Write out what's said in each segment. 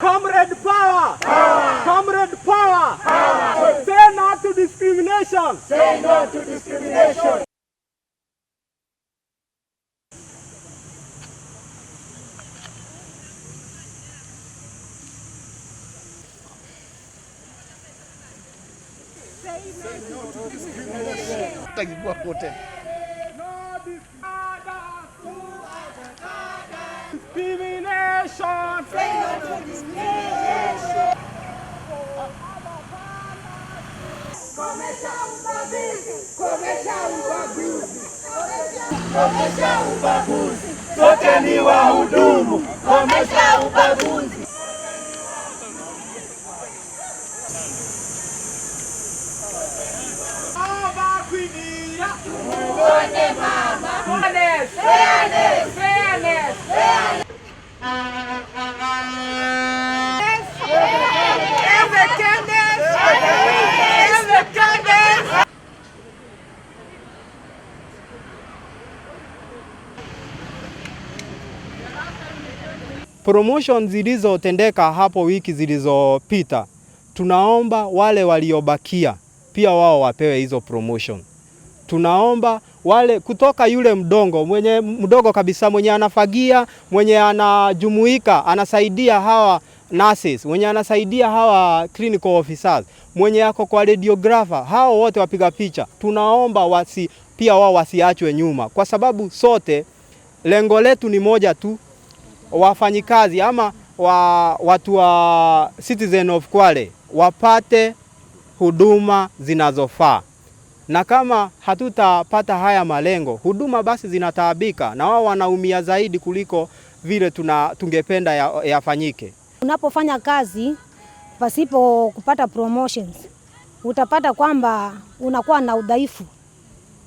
Comrade power! power! Comrade power! power! Say no to discrimination! Say no to discrimination! Say no to discrimination! discrimination! nation. Say no Começar o babuze, começar o babuze, começar o babuze, wahudumu, começar o babuze. Oba kwinira, uone mama. promotion zilizotendeka hapo wiki zilizopita, tunaomba wale waliobakia pia wao wapewe hizo promotion. Tunaomba wale kutoka yule mdongo mwenye mdogo kabisa mwenye anafagia mwenye anajumuika anasaidia hawa nurses mwenye anasaidia hawa clinical officers mwenye yako kwa radiographer, hao wote wapiga picha, tunaomba wasi, pia wao wasiachwe nyuma, kwa sababu sote lengo letu ni moja tu wafanyikazi ama wa, watu wa citizen of Kwale wapate huduma zinazofaa, na kama hatutapata haya malengo huduma basi zinataabika na wao wanaumia zaidi kuliko vile tuna, tungependa yafanyike ya unapofanya kazi pasipo kupata promotions utapata kwamba unakuwa na udhaifu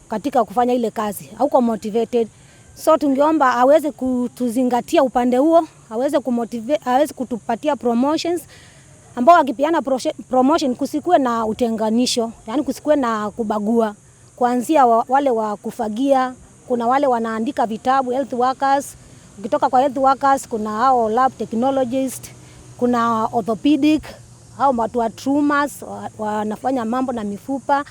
katika kufanya ile kazi, hauko motivated. So tungeomba aweze kutuzingatia upande huo, aweze kumotive, aweze kutupatia promotions ambao akipeana promotion kusikue na utenganisho, yani kusikue na kubagua, kuanzia wale wa kufagia, kuna wale wanaandika vitabu health workers. Ukitoka kwa health workers, kuna hao lab technologist, kuna orthopedic au watu wa traumas wanafanya mambo na mifupa,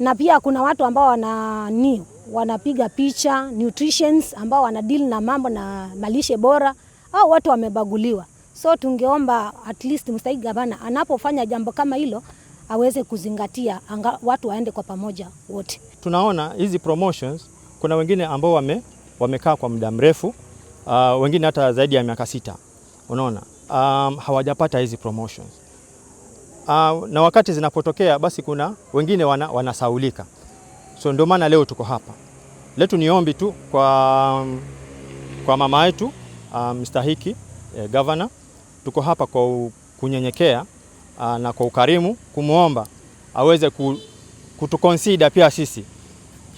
na pia kuna watu ambao wanani wanapiga picha nutritions ambao wana deal na mambo na malishe bora, au watu wamebaguliwa. So tungeomba at least mstahiki gavana anapofanya jambo kama hilo aweze kuzingatia anga, watu waende kwa pamoja wote. Tunaona hizi promotions, kuna wengine ambao wame, wamekaa kwa muda mrefu uh, wengine hata zaidi ya miaka sita, unaona um, hawajapata hizi promotions uh, na wakati zinapotokea basi kuna wengine wana, wanasaulika So ndio maana leo tuko hapa. Letu ni ombi tu kwa, kwa mama yetu ah, mstahiki um, eh, governor. Tuko hapa kwa kunyenyekea uh, na kwa ukarimu kumwomba aweze kutukonsida pia sisi.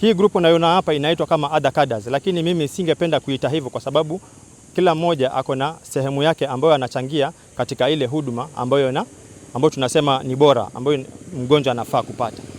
Hii grupu unaiona hapa inaitwa kama other cadres, lakini mimi singependa kuita hivyo kwa sababu kila mmoja ako na sehemu yake ambayo anachangia katika ile huduma ambayo, na, ambayo tunasema ni bora ambayo mgonjwa anafaa kupata.